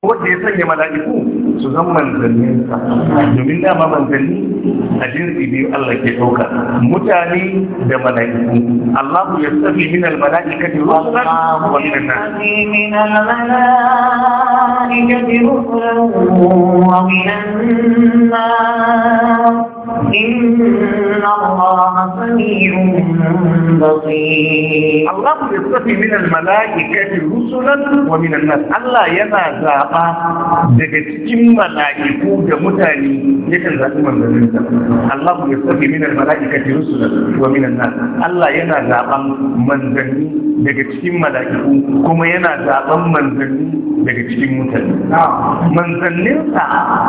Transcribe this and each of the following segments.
wadda ya sanya mala'iku su zan manzanni domin dama manzanni a jinsi biyu Allah ke ɗauka mutane da mala'iku Allah ya sami min al-mala'ikati rusulan wa min an إن الله سميع بصير الله يصطفي ومن الناس daga cikin mala'iku da mutane yakan zaɓi manzanninsa Allah min al-mala'ikati rusulan Allah yana zaɓan manzanni daga cikin mala'iku kuma yana zaɓan manzanni daga cikin mutane manzanninsa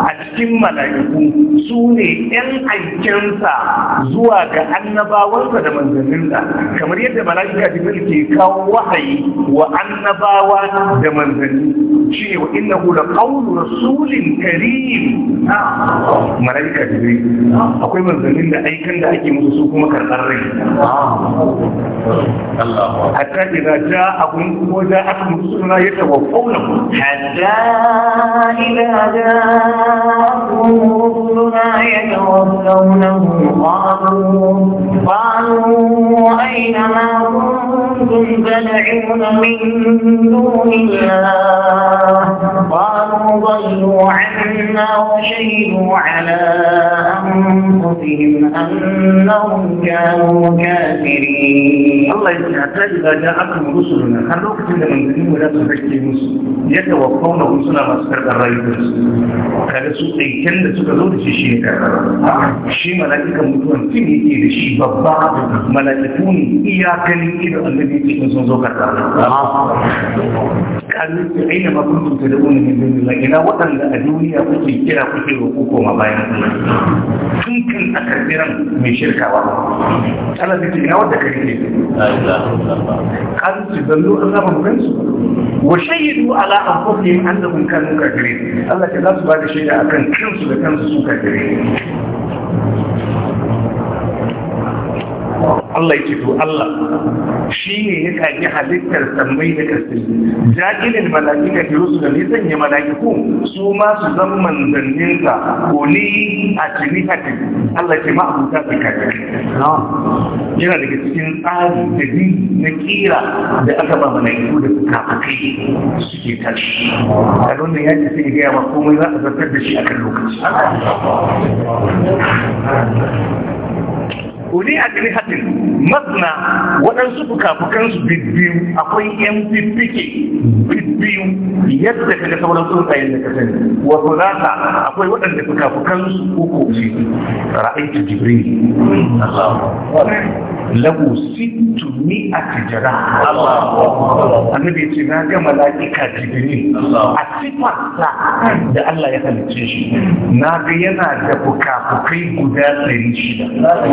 a cikin mala'iku su ne 'yan aikensa zuwa ga annabawansa da manzanninsa kamar yadda mala'ika jibril ke kawo wahayi wa annabawa da manzanni shi wa innahu la qawlu rasulin karim mala'ika jibril akwai manzannin da aikan da ake musu su kuma karɓar rai hatta idza ja'akum wa ja'akum rusuluna yatawaffawnakum hatta idza ja'akum rusuluna yatawaffawnakum استوفوا قالوا قالوا أين منكم فدعونا من دون الله قالوا ضلوا عنا وشهدوا على أنفسهم أنهم كانوا كافرين الله يسعى إذا جاءكم رسلنا هل وقت من المنزلين ولا تفكي مسلم يتوفون رسلنا ما سكرت الرئيس kada su ɗaiken da suka zo da shi shi ne shi mala'ikan mutuwan fi ne ke إياك shi babba mala'iku in sun zo karɓa kalin su aina ba da wani ne don ina waɗanda a duniya kuke kira kuke roƙo koma bayan tun kan a karɓiran mai shirkawa Allah ta ina wadda ka rike kalin su zallo an zama kansu wa shayyidu ala anfusihim kan kanu kafirin Allah ta za su ba da shaida akan kansu da kansu su kafirin Allah yake to Allah shi ne ya kaji halittar sammai da ƙasa ja'ilin mala'ika da rusu da ne sanya mala'iku su ma su zan manzannin ka koli a cini hatin Allah ke ma abuta su kaji yana daga cikin tsari da bi na kira da aka ba mala'iku da suka fakai suke tashi a wannan ya ce sai gaya ma komai za a zartar da shi a kan lokaci wani a hatin masna waɗansu fukafukansu bibbiyu akwai yan bibbike bibbiyu yadda kaga sauran tsuntsayen da ka sani za furata akwai waɗanda fukafukansu uku ce ra'aitu jibril lahu sittu tuni. a jira annabi ce na ga mala'ika jibril a sifarsa da Allah ya halice shi na ga yana da fukafukai guda ɗari shida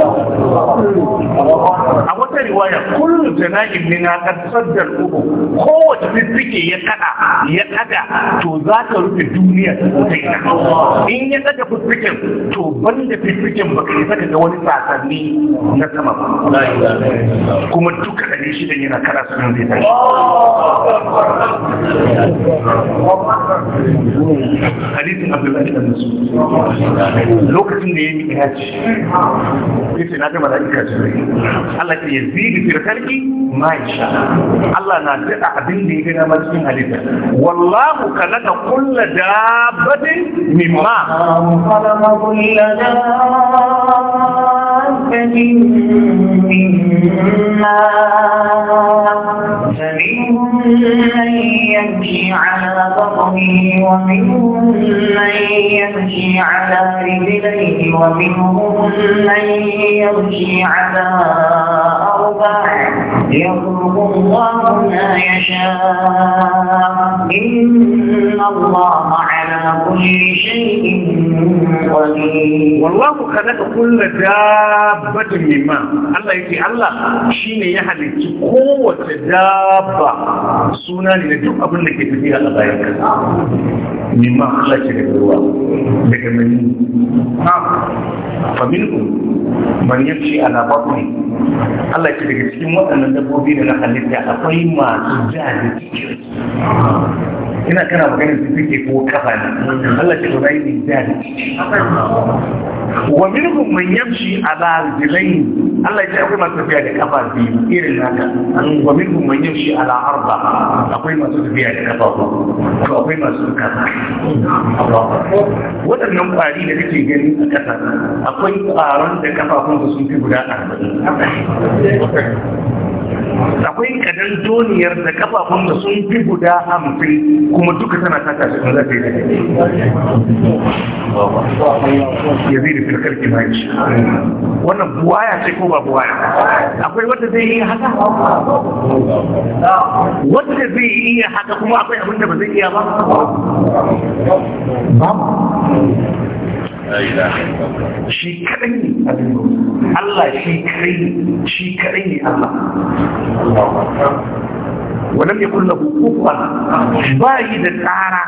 a wata riwaya kullum jana'in min na ƙarsar da uku kowace fiffike ya kada ya kada to za ka rufe duniya ta sosai in ya kada fiffiken to ban da fiffiken baka yi saka ga wani sasanni na sama ba kuma duka shi da yana kara sanar da tashi hadisin abdullahi da nasu lokacin da ya yi yaci ya ce na ga mala'ika su ne. Allah ke ya zidi firkarki ma isha Allah na daɗa abin da ya gina cikin halitta wallahu ka kalaka kulla da badin mimma حبة من فمنهم من يمشي على بطنه ومنهم من يمشي على رجليه ومنهم من يمشي على أربع يخلق الله ما يشاء إن الله على كل شيء قدير wallahu khalaqa kulla dabbatin mimma Allah yake Allah shine ya halicci kowace dabba suna ne na duk abin da ke tafiya a bayan ka mimma Allah ke daga ruwa daga mai fa minkum man yamshi ala batni Allah ke daga cikin waɗannan dabbobi da na halitta akwai masu jahilci ina kana magana su suke ko kafa ne Allah ta zo rai ne da wa minhum man yamshi ala rijlayn Allah ya akwai masu tafiya da kafa biyu irin naka wa minhum man yamshi ala arba akwai masu tafiya da kafa ko akwai masu kafa waɗannan kwari da kake gani a kasa akwai kwaron da kafafunsu sun fi guda 40 akwai kadan doniyar da kafafun da sun fi guda hamsin kuma duka tana ta tashi kan zafi da ya zai da filkar kimanci wannan buwaya ce ko ba buwaya akwai wadda zai iya haka wadda zai iya haka kuma akwai abinda ba zai iya ba ba shi kadai ne Allah shi kaɗai ne shi kadai ne Allah da tsara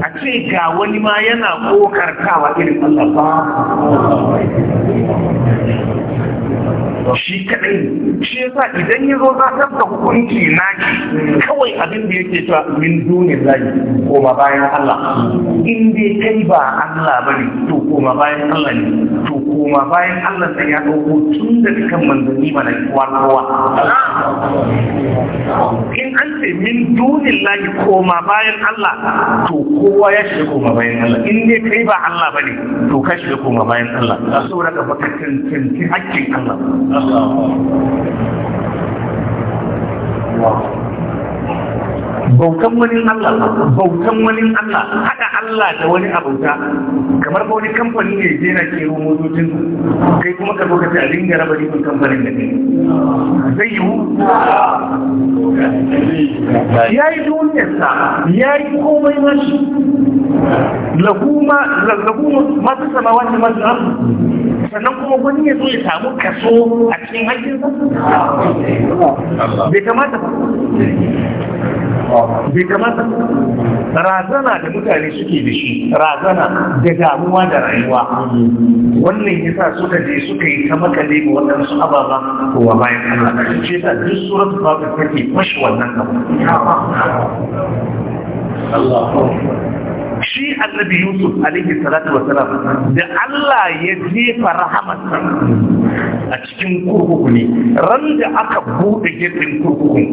a ce ga wani ma yana kokartawa irin Allah ba shi kadai shi yasa idan ya zo ta da hukunci naki kawai abin da yake cewa min dunin lahi koma bayan Allah in dai kai ba Allah bane to koma bayan Allah ne to koma bayan Allah sai ya dauko tun da kan manzanni mana kowa in an ce min dunin lahi koma bayan Allah to kowa ya shiga koma bayan Allah in dai kai ba Allah bane to ka shiga koma bayan Allah saboda ka baka cancanci hakkin Allah bautan wani Allah bautan wani Allah haɗa Allah da wani abuta kamar ba wani kamfani ne je na kero motocin kai kuma ka lokaci a dinga raba ribin kamfanin da ne zai yiwu ya yi duniyarsa ya yi komai mashi lagu masu samawa ne masu abu sannan kuma wani ya zo ya samu kaso a cikin hankinsa bai kamata ba bai kamata razana da mutane suke da shi razana da damuwa da rayuwa wannan ya sa suka je suka yi ta makale ga waɗansu ababa wa bayan Allah shi ta duk surat ba take wannan abu shi annabi yusuf alaihi salatu wa salam da allah ya jefa rahamarsa a cikin kurkuku ne ran da aka bude gefen kurkuku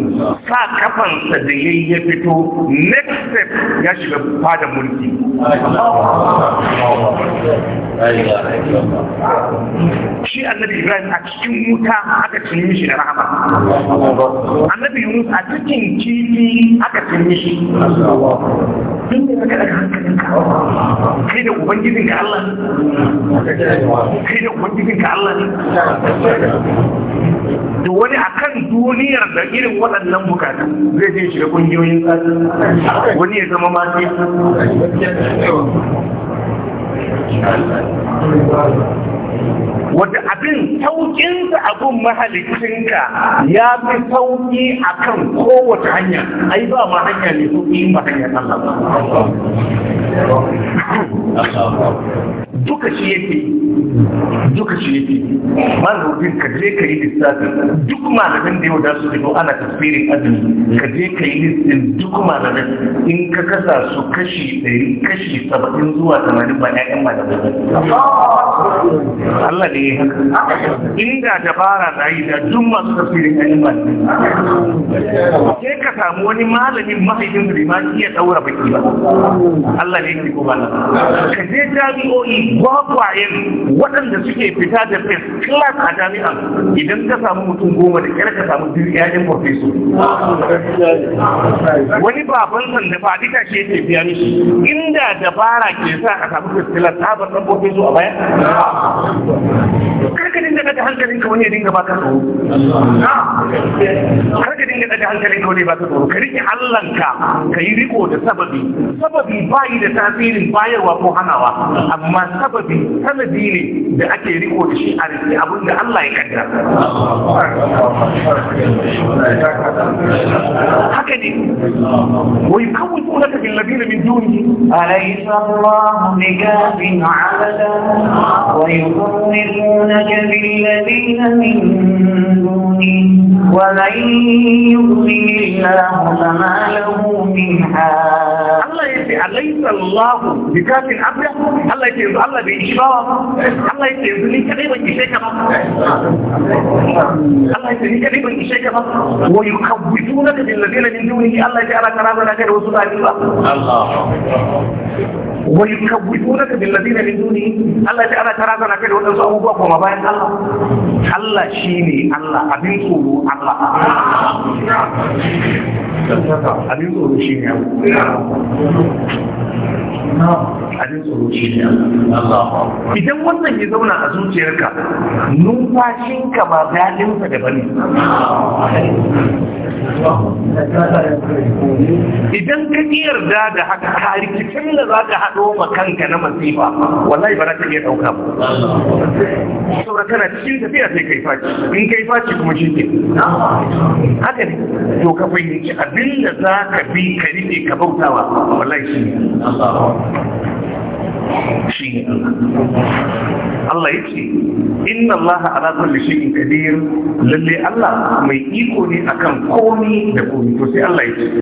sa kafansa da yayi ya fito next step ya shiga fada mulki shi annabi ibrahim a cikin wuta aka cin mishi da rahama annabi yunus a cikin kifi aka cin mishi duk da suka ubangijinka kai da ubangijinka Allah kai da Allah da wani akan duniyar da irin waɗannan bukatu zai je shiga ƙungiyoyin wani ya zama mafi wadda abin sauƙinsa abin mahalicinka ya fi sauƙi a kan kowace hanya ai ba ma hanya ne ɗin ba hanyar Allah duka shi yake duka shi yake wajen ka je ka yi lissafin duk malamin da yau da su fito ana tasirin azumi ka je ka yi lissin duk malamin in ka kasa su kashi 100 kashi 70 zuwa 80 ba 'ya'yan malamai ba Allah inda dabara na yi da tun masu tafsirin animal sai ka samu wani malamin mahaifin da ma daura baki ba Allah ne ke kuma ka je jami'o'i gwagwayen waɗanda suke fita da fes class a jami'a idan ka samu mutum goma da kyar ka samu diriyajin professor wani baban sanda ba dika ke tafiya mishi inda dabara ke sa a samu fes class ta bar ɗan professor a baya karka dinga daga hankalin ka wani ya dinga baka tsoro karka dinga daga hankalin ka wani ya baka tsoro ka rike allanka ka yi riko da sababi sababi bayi da tasirin bayarwa ko hanawa amma sababi sanadi ne da ake riko da shi a rike abin da Allah ya kaddara haka ne wai kawai kuna ta billabi da min duni alaysa Allah ne gafin abada ويخرفونك بالذين من دونه ومن يضلل الله فما له من هاد الله يتي أليس الله بكاف عبده الله يتي الله بإشراف الله يتي لي كريما يشيك الله يتي لي كريما يشيك ويخوفونك بالذين من دونه الله يتي أنا كرامة لك وسبحان الله الله ويكوفونك بالذين من دونه الله يتي أنا كرامة لك وسبحان الله وما بين الله الله شيني الله أبين Allah abin tsoro shi ne abin tsoro shi ne Allah idan wannan ya zauna a zuciyarka numfashinka ba daɗinsa da bane idan ka yarda da haka karikicin da za ka haɗo ma kanka na masifa wallahi ba za ka iya ɗauka ba saboda kana cikin tafiya sai yi faci in kai faci kuma shi ke haka ne to ka fahimci abin da za ka bi ka rike ka bautawa wallahi shi shi ne Allah ya ce inna Allah ala kulli shay'in qadir lalle Allah mai iko ne akan komi da komi to sai Allah ya ce